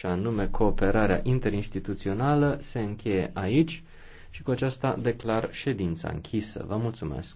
și anume cooperarea interinstituțională, se încheie aici și cu aceasta declar ședința închisă. Vă mulțumesc!